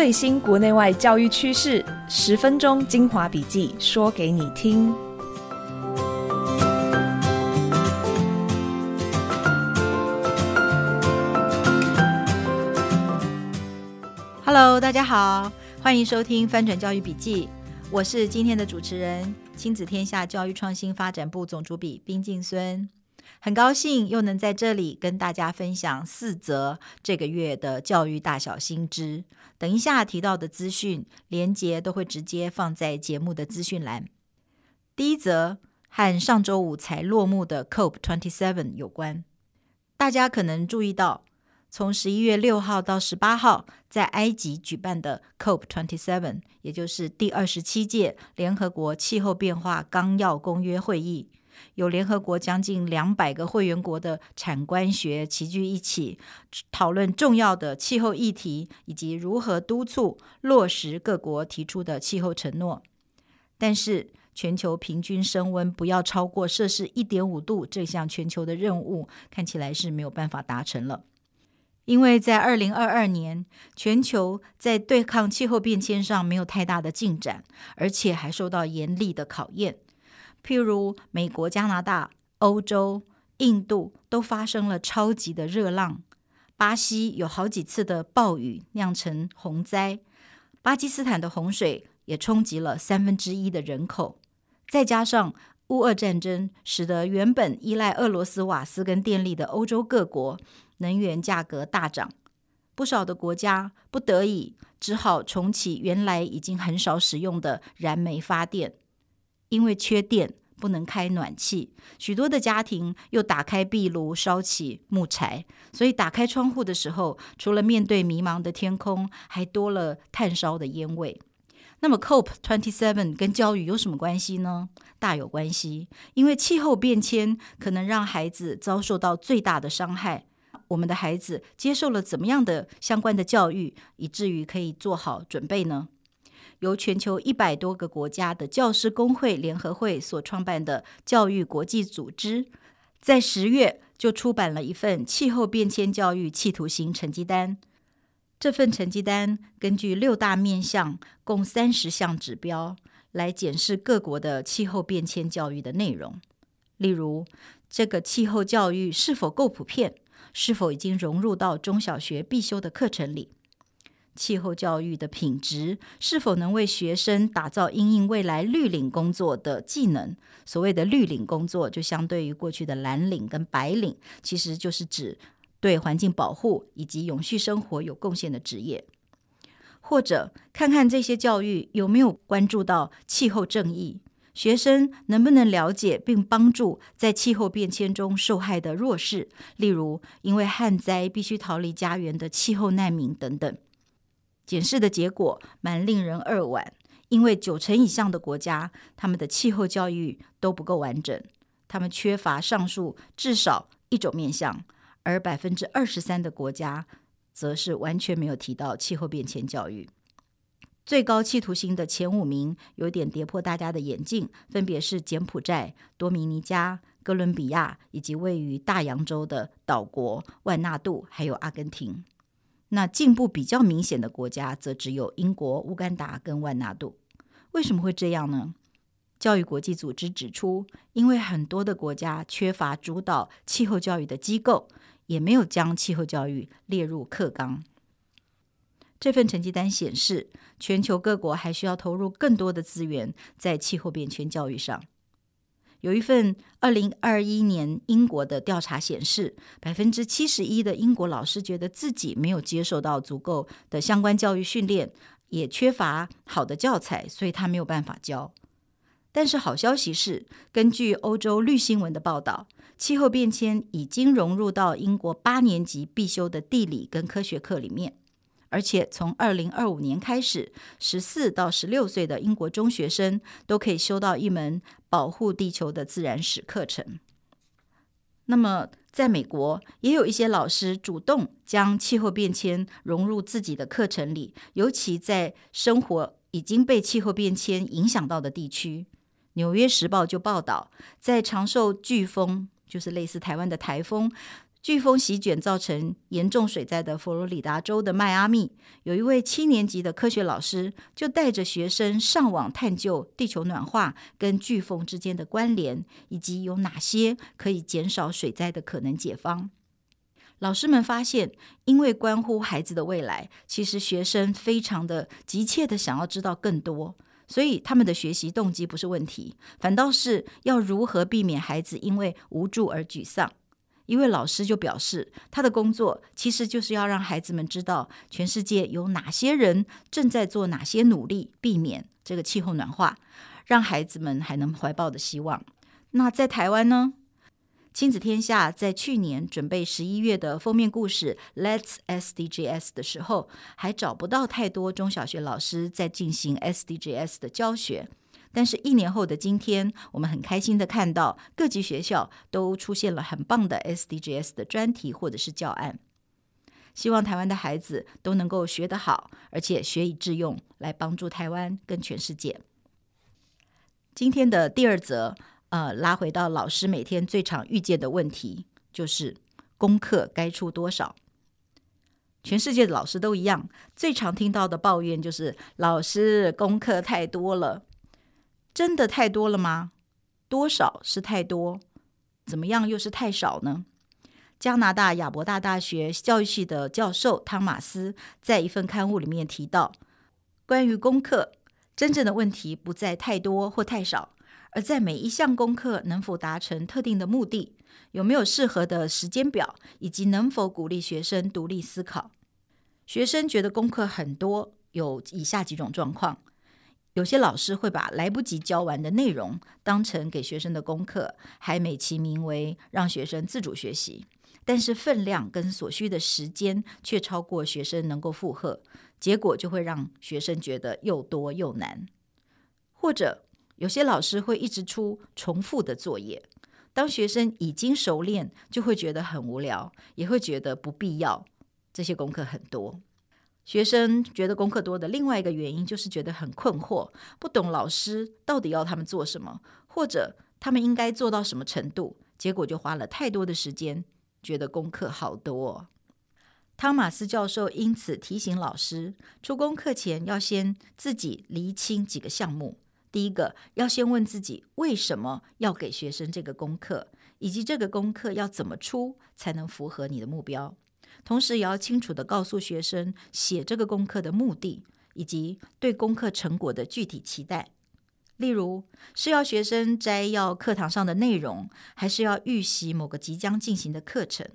最新國內外教育趨勢，十分鐘精華筆記，說給你聽。Hello，大家好，歡迎收聽翻轉教育筆記，我是今天的主持人，親子天下教育創新發展部總主筆賓靜蓀。很高興又能在這裡跟大家分享四則這個月的教育大小新知。等一下提到的資訊，連結都會直接放在節目的資訊欄。第一則和上周五才落幕的 COP27 有關，大家可能注意到，從十一月六號到十八號在埃及舉辦的 COP27，也就是第二十七屆聯合國氣候變化綱要公約會議。有聯合國將近兩百個會員國的產官學齊聚一起，討論重要的氣候議題以及如何督促落實各國提出的氣候承諾。但是，全球平均升溫不要超過攝氏一點五度，這項全球的任務看起來是沒有辦法達成了，因為在二零二二年，全球在對抗氣候變遷上沒有太大的進展，而且還受到嚴厲的考驗。譬如美國、加拿大、歐洲、印度都發生了超級的熱浪，巴西有好幾次的暴雨釀成洪災，巴基斯坦的洪水也衝擊了三分之一的人口。再加上烏俄戰爭，使得原本依賴俄羅斯瓦斯跟電力的歐洲各國能源價格大漲，不少的國家不得已只好重啟原來已經很少使用的燃煤發電。因為缺電不能開暖氣，許多的家庭又打開壁爐燒起木柴，所以打開窗戶的時候，除了面對迷茫的天空，還多了炭燒的煙味。那麼，COP27 跟教育有什麼關係呢？大有關係，因為氣候變遷可能讓孩子遭受到最大的傷害。我們的孩子接受了怎麼樣的相關的教育，以至於可以做好準備呢？由全球一百多個國家的教師工會聯合會所創辦的教育國際組織，在十月就出版了一份氣候變遷教育企圖型成績單。這份成績單根據六大面向，共三十項指標，來檢視各國的氣候變遷教育的內容。例如，這個氣候教育是否夠普遍？是否已經融入到中小學必修的課程裡？氣候教育的品質是否能為學生打造因應未來綠領工作的技能？所謂的綠領工作，就相對於過去的藍領跟白領，其實就是指對環境保護以及永續生活有貢獻的職業。或者看看這些教育有沒有關注到氣候正義，學生能不能了解並幫助在氣候變遷中受害的弱勢，例如因為旱災必須逃離家園的氣候難民等等。檢視的結果蠻令人扼腕，因為九成以上的國家，他們的氣候教育都不夠完整，他們缺乏上述至少一種面向，而百分之二十三的國家則是完全沒有提到氣候變遷教育。最高企圖心的前五名有點跌破大家的眼鏡，分別是柬埔寨、多米尼加、哥倫比亞，以及位於大洋洲的島國萬那杜還有阿根廷。那進步比較明顯的國家，則只有英國、烏干達跟萬那杜。為什麼會這樣呢？教育國際組織指出，因為很多的國家缺乏主導氣候教育的機構，也沒有將氣候教育列入課綱。這份成績單顯示，全球各國還需要投入更多的資源在氣候變遷教育上。有一份二零二一年英國的調查顯示，百分之七十一的英國老師覺得自己沒有接受到足夠的相關教育訓練，也缺乏好的教材，所以他沒有辦法教。但是好消息是，根據歐洲綠新聞的報道，氣候變遷已經融入到英國八年級必修的地理跟科學課裡面。而且從二零二五年開始，十四到十六歲的英國中學生都可以修到一門保護地球的自然史課程。那麼，在美國也有一些老師主動將氣候變遷融入自己的課程裡，尤其在生活已經被氣候變遷影響到的地區。《紐約時報》就報道，在常受颶風（就是類似台灣的台風）颶風席捲，造成嚴重水災的佛羅里達州的邁阿密，有一位七年級的科學老師，就帶着學生上網探究地球暖化跟颶風之間的關聯，以及有哪些可以減少水災的可能解方。老師們發現，因為關乎孩子的未來，其實學生非常的急切的想要知道更多，所以他們的學習動機不是問題，反倒是要如何避免孩子因為無助而沮喪。一位老師就表示，他的工作其實就是要讓孩子們知道，全世界有哪些人正在做哪些努力，避免這個氣候暖化，讓孩子們還能懷抱的希望。那在台灣呢？親子天下在去年準備十一月的封面故事《Let's SDGs》的時候，還找不到太多中小學老師在進行 SDGs 的教學。但是，一年後的今天，我們很開心的看到各級學校都出現了很棒的 SDGs 的專題或者是教案。希望台灣的孩子都能夠學得好，而且學以致用，來幫助台灣跟全世界。今天的第二則，呃，拉回到老師每天最常遇見的問題，就是功課該出多少？全世界的老師都一樣，最常聽到的抱怨就是老師功課太多了。真的太多了嗎？多少是太多？怎麼樣又是太少呢？加拿大亞伯大大學教育系的教授湯馬斯在一份刊物裡面提到，關於功課，真正的問題不在太多或太少，而在每一項功課能否達成特定的目的，有沒有適合的時間表，以及能否鼓勵學生獨立思考。學生覺得功課很多，有以下幾種狀況。有些老師會把來不及教完的內容當成給學生的功課，還美其名為讓學生自主學習，但是分量跟所需的時間卻超過學生能夠負荷，結果就會讓學生覺得又多又難。或者，有些老師會一直出重複的作業，當學生已經熟練，就會覺得很無聊，也會覺得不必要，這些功課很多。學生覺得功課多的另外一個原因就是覺得很困惑，不懂老師到底要他們做什麼，或者他們應該做到什麼程度，結果就花了太多的時間，覺得功課好多哦。湯馬斯教授因此提醒老師，出功課前要先自己釐清幾個項目：第一個，要先問自己為什麼要給學生這個功課，以及這個功課要怎麼出才能符合你的目標。同時也要清楚地告訴學生寫這個功課的目的，以及對功課成果的具體期待。例如，是要學生摘要課堂上的內容，還是要預習某個即將進行的課程？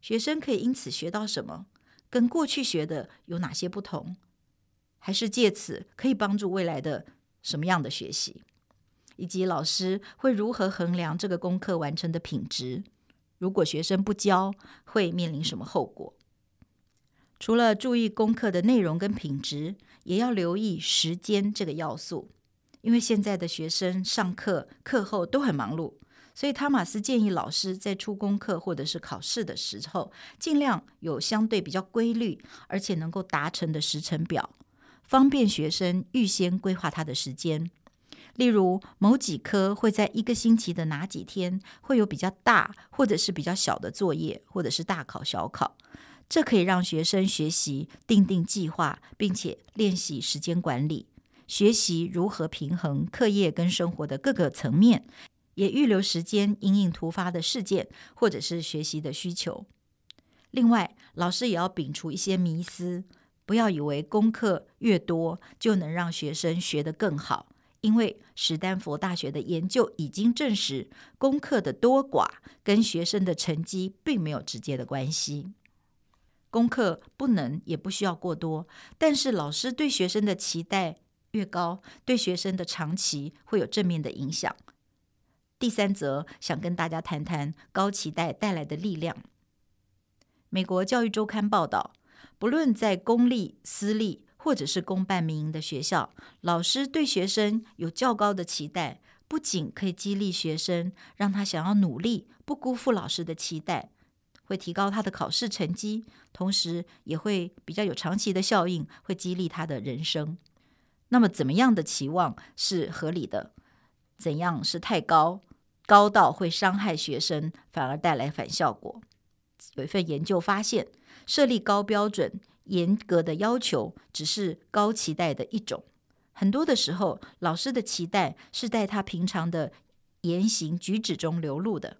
學生可以因此學到什麼？跟過去學的有哪些不同？還是借此可以幫助未來的什麼樣的學習？以及老師會如何衡量這個功課完成的品質？如果學生不交，會面臨什麼後果？除了注意功課的內容跟品質，也要留意時間這個要素。因為現在的學生上課、課後都很忙碌，所以湯馬斯建議老師在出功課或者是考試的時候，盡量有相對比較規律，而且能夠達成的時程表，方便學生預先規劃他的時間。例如，某幾科會在一個星期的哪幾天會有比較大，或者是比較小的作業，或者是大考小考。這可以讓學生學習訂定計畫，並且練習時間管理，學習如何平衡課業跟生活的各個層面，也預留時間因應突發的事件或者是學習的需求。另外，老師也要摒除一些迷思，不要以為功課越多就能讓學生學得更好。因為史丹佛大學的研究已經證實，功課的多寡跟學生的成績並沒有直接的關係。功課不能也不需要過多，但是老師對學生的期待越高，對學生的長期會有正面的影響。第三則，想跟大家談談高期待帶來的力量。美國教育周刊報道，不論在公立、私立，或者是公辦民營的學校，老師對學生有較高的期待，不僅可以激勵學生，讓他想要努力，不辜負老師的期待，會提高他的考試成績，同時也會比較有長期的效應，會激勵他的人生。那麼，怎麼樣的期望是合理的？怎樣是太高？高到會傷害學生，反而帶來反效果。有一份研究發現，設立高標準。嚴格的要求只是高期待的一種，很多的時候，老師的期待是在他平常的言行舉止中流露的，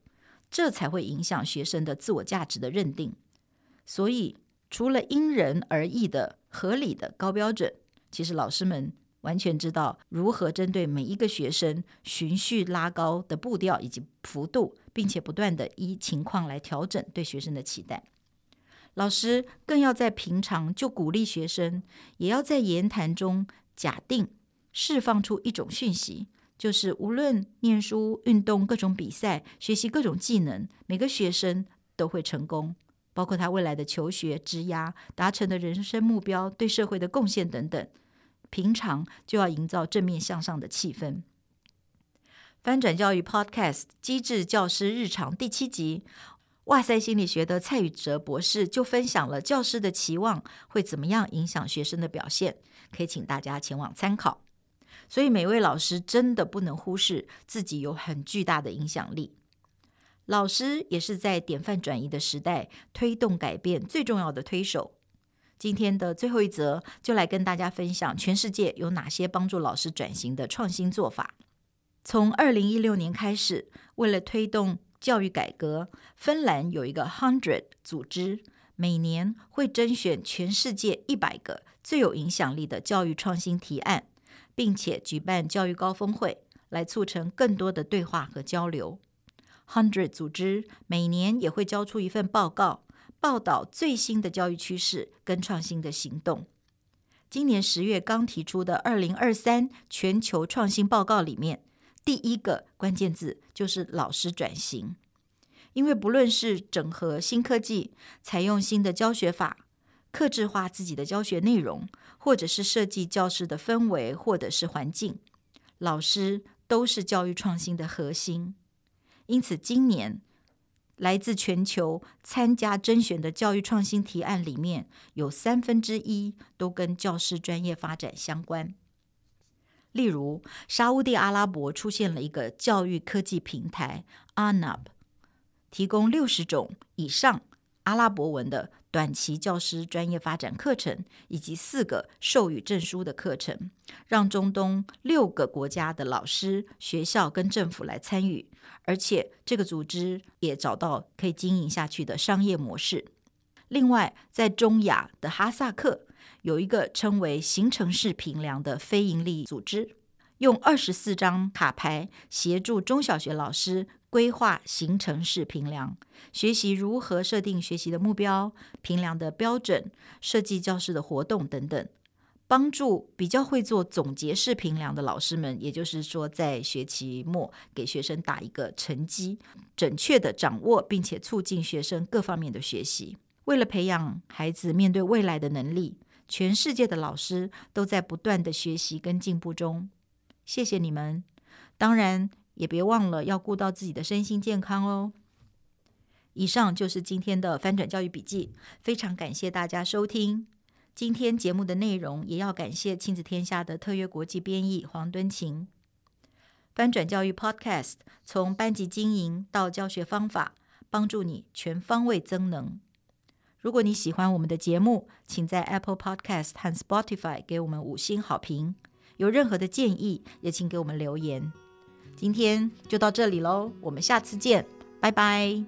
這才會影響學生的自我價值的認定。所以，除了因人而異的合理的高標準，其實老師們完全知道如何針對每一個學生循序拉高的步調以及幅度，並且不斷地依情況來調整對學生的期待。老師更要在平常就鼓勵學生，也要在言談中假定釋放出一種訊息，就是無論念書、運動、各種比賽、學習各種技能，每個學生都會成功，包括他未來的求學、職涯、達成的人生目標、對社會的貢獻等等。平常就要營造正面向上的氣氛。翻轉教育 Podcast《機智教師日常》第七集。哇賽心理學的蔡宇哲博士就分享了教師的期望會怎麼樣影響學生的表現，可以請大家前往參考。所以每位老師真的不能忽視自己有很巨大的影響力。老師也是在典範轉移的時代推動改變最重要的推手。今天的最後一則就來跟大家分享全世界有哪些幫助老師轉型的創新做法。從二零一六年開始，為了推動。教育改革，芬蘭有一個 HundrED 組織，每年會甄選全世界一百個最有影響力的教育創新提案，並且舉辦教育高峰會，來促成更多的對話和交流。HundrED 組織每年也會交出一份報告，報道最新的教育趨勢跟創新的行動。今年十月剛提出的《二零二三全球創新報告》裡面。第一個關鍵字就是老師轉型，因為不論是整合新科技、採用新的教學法、客製化自己的教學內容，或者是設計教室的氛圍或者是環境，老師都是教育創新的核心。因此，今年來自全球參加甄選的教育創新提案裡面有三分之一都跟教師專業發展相關。例如，沙烏地阿拉伯出現了一個教育科技平台 ANAP 提供六十種以上阿拉伯文的短期教師專業發展課程，以及四個授予證書的課程，讓中東六個國家的老師、學校跟政府來參與。而且，這個組織也找到可以經營下去的商業模式。另外，在中亞的哈薩克。有一個稱為“形成式評量”的非營利組織，用二十四張卡牌協助中小學老師規劃形成式評量，學習如何設定學習的目標、評量的標準、設計教室的活動等等，幫助比較會做總結式評量的老師們，也就是說，在學期末給學生打一個成績，準確地掌握並且促進學生各方面的學習。為了培養孩子面對未來的能力。全世界的老師都在不斷的學習跟進步中，謝謝你們。當然，也別忘了要顧到自己的身心健康哦。以上就是今天的翻轉教育筆記，非常感謝大家收聽。今天節目的內容，也要感謝親子天下的特約國際編譯黃敦晴。翻轉教育 Podcast 從班級經營到教學方法，幫助你全方位增能。如果你喜歡我們的節目，請在 Apple Podcast 和 Spotify 給我們五星好評。有任何的建議，也請給我們留言。今天就到這裡嘍，我們下次見，拜拜。